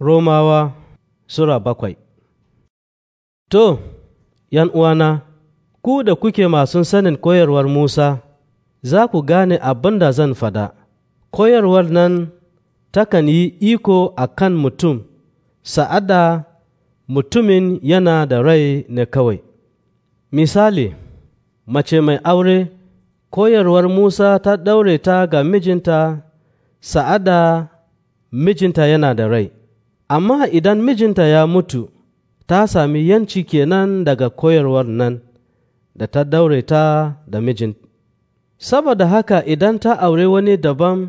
Romawa Sura bakwai To, ’yan uwana, ku da kuke masu sanin koyarwar Musa, za ku gane abin da zan fada, koyarwar nan takan yi iko a kan mutum, sa'ada mutumin yana da rai ne kawai. Misali, mace mai aure, koyarwar Musa ta ɗaure ta ga mijinta, sa'ada mijinta yana da rai. amma idan mijinta ya mutu ta sami yanci kenan daga koyarwar nan da ta daure ta da mijin saboda haka idan ta aure wani daban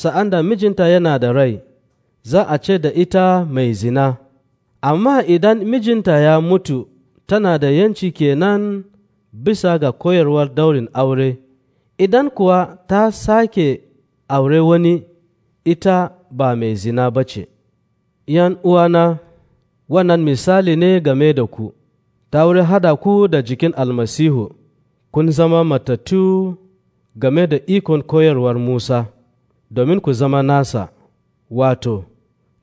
sa'an da mijinta yana da rai za a ce da ita mai zina amma idan mijinta ya mutu tana da yanci kenan bisa ga koyarwar daurin aure idan kuwa ta sake aure wani ita ba mai zina ba ce ’yan uwana, wannan misali ne game da ku, ta wuri hada ku da jikin almasihu, kun zama matattu game da ikon koyarwar Musa, domin ku zama nasa, wato,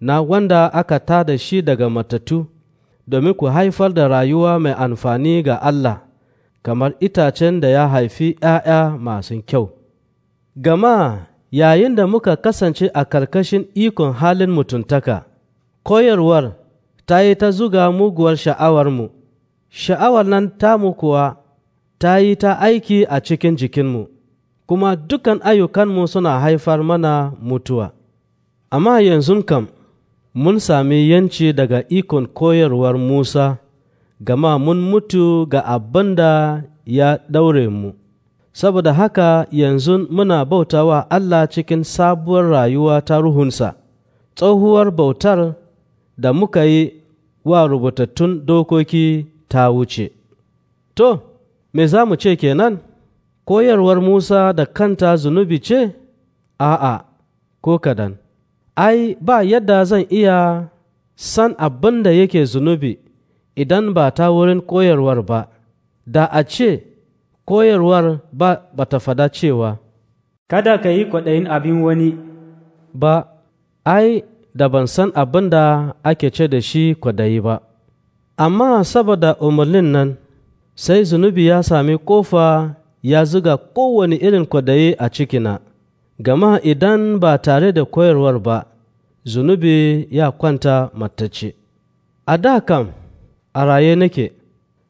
na wanda aka tada shi daga matattu, domin ku haifar da rayuwa mai amfani ga Allah, kamar itacen da ya haifi ‘ya'ya masu kyau. Gama yayin da muka kasance a karkashin ikon halin mutuntaka, koyarwar ta yi ta zuga muguwar sha'awarmu, sha'awar nan tamu kuwa ta yi ta aiki a cikin jikinmu, kuma dukan ayyukanmu suna haifar mana mutuwa. Amma yanzu kam, mun sami yanci daga ikon koyarwar Musa, gama mun mutu ga abin da ya ɗaure mu. Saboda haka yanzu muna bautawa Allah cikin sabuwar rayuwa ta ruhunsa, tsohuwar bautar da muka yi wa rubutattun dokoki ta wuce. To, me za mu ce kenan? Koyarwar Musa da kanta zunubi ce? A'a, ko kadan. Ai, ba yadda zan iya san abin da yake zunubi idan ba ta wurin koyarwar ba, da a ce koyarwar ba ba ta fada cewa. Kada ka yi kwaɗayin abin wani. Ba, ai, da ban san abin da ake ce da shi kwadayi ba amma saboda umarnin nan sai zunubi ya sami ƙofa ya zuga kowane irin kwadayi a cikina gama idan ba tare da koyarwar ba zunubi ya kwanta matace a da kam a raye nake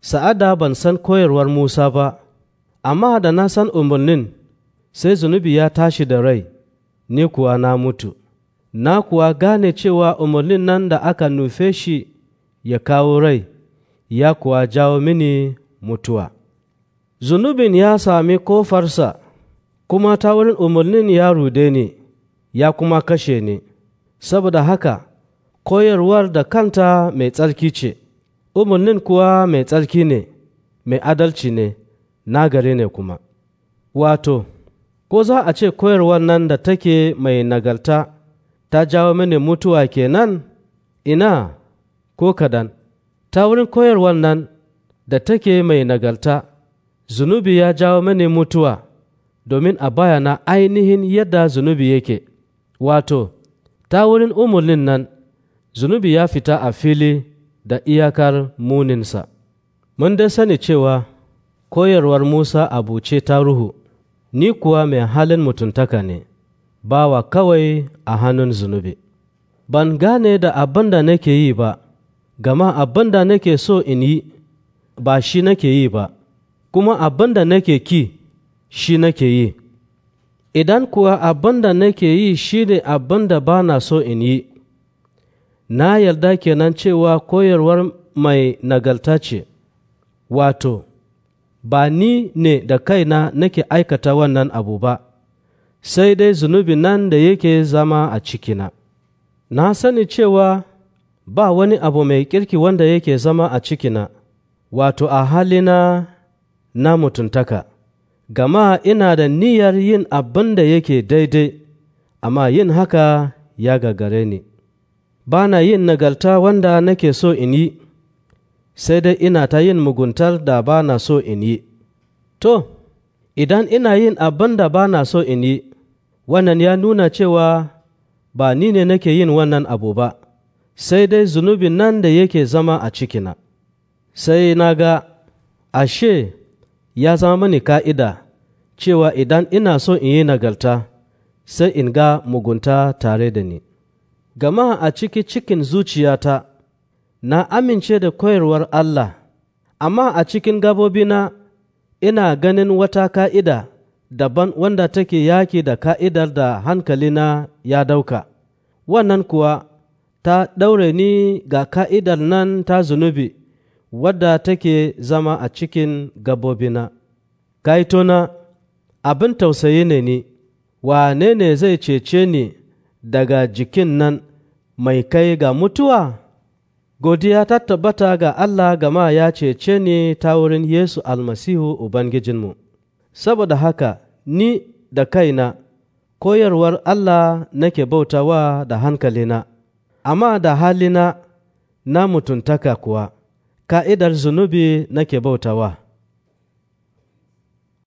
sa'ada ban san koyarwar musa ba amma da na san umarnin sai zunubi ya tashi da rai ni kuwa na mutu na kuwa gane cewa umarnin nan da aka nufe shi ya kawo rai ya kuwa jawo mini mutuwa zunubin ya sami kofarsa kuma ta wurin umarnin ya rude ni ya kuma kashe ni saboda haka koyarwar da kanta mai tsarki ce umarnin kuwa mai tsarki ne mai adalci ne na gare ne kuma wato ko za a ce koyarwar nan da take mai nagarta ta jawo mini mutuwa kenan ina ko kadan ta wurin koyarwar nan da take mai nagarta zunubi ya jawo mini mutuwa domin a bayana ainihin yadda zunubi yake wato ta wurin umarnin nan zunubi ya fita a fili da iyakar muninsa mun dai sani cewa koyarwar musa abuce ta ruhu ni kuwa mai halin mutuntaka ne bawa kawai a hannun zunubi ban gane da abin da nake yi ba gama abin da nake so in yi ba shi nake yi ba kuma abin da nake ki shi nake yi idan kuwa abin da nake yi shi ne abin da ba na so in yi na yarda kenan cewa koyarwar mai nagarta ce wato ba ni ne da kaina nake aikata wannan abu ba sai dai zunubi nan da yake zama a cikina. Na sani cewa ba wani abu mai kirki wanda yake zama a cikina, wato a halina na mutuntaka, gama ina da niyyar yin abin da yake daidai, amma yin haka ya gagare ni. Ba na yin nagarta wanda nake so in yi, sai dai ina ta yin muguntar da ba na so in yi. To, idan ina yin abin da ba na so in yi, wannan ya nuna cewa ba ni ne nake yin wannan abu ba, sai dai zunubin nan da yake zama a cikina. Sai na ga, ashe, ya zama mani ka'ida cewa idan ina so in yi nagarta, sai in ga mugunta tare da ni. Gama a ciki cikin zuciyata, na amince da koyarwar Allah, amma a cikin gabobina ina ganin wata ka'ida daban wanda take yaki da ka'idar da hankalina ya dauka, wannan kuwa ta ɗaure ni ga ka'idar nan ta zunubi wadda take zama a cikin gabobina. Kaitona abin tausayi ne ni, wane ne zai cece ni daga jikin nan mai kai ga mutuwa? Godiya ta tabbata ga Allah gama ya cece ni ta wurin Yesu almasihu Ubangijinmu. saboda haka ni da kaina koyarwar Allah nake bautawa da hankalina, amma da halina na mutuntaka kuwa, ka'idar zunubi nake bautawa.